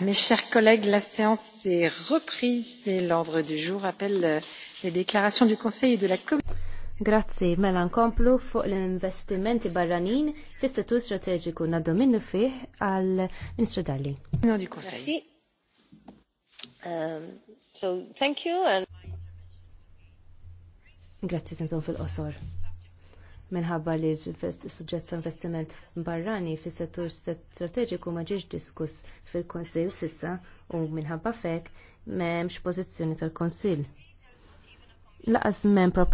Mes chers collègues, la séance est reprise et l'ordre du jour appelle euh, les déclarations du Conseil et de la Commission. Grazie, mela nkomplu fuq l-investimenti barranin fi statut strategiku na minnu fih għal Ministru Dalli. No, di Grazie. Um, so, thank you and... Grazzi, sentum fil-qosor minħabba li suġġett ta' investiment barrani fis settur strateġiku ma ġiex diskuss fil-Konsil sissa u minħabba fek m'hemmx pożizzjoni tal-Konsil. Laqas proposta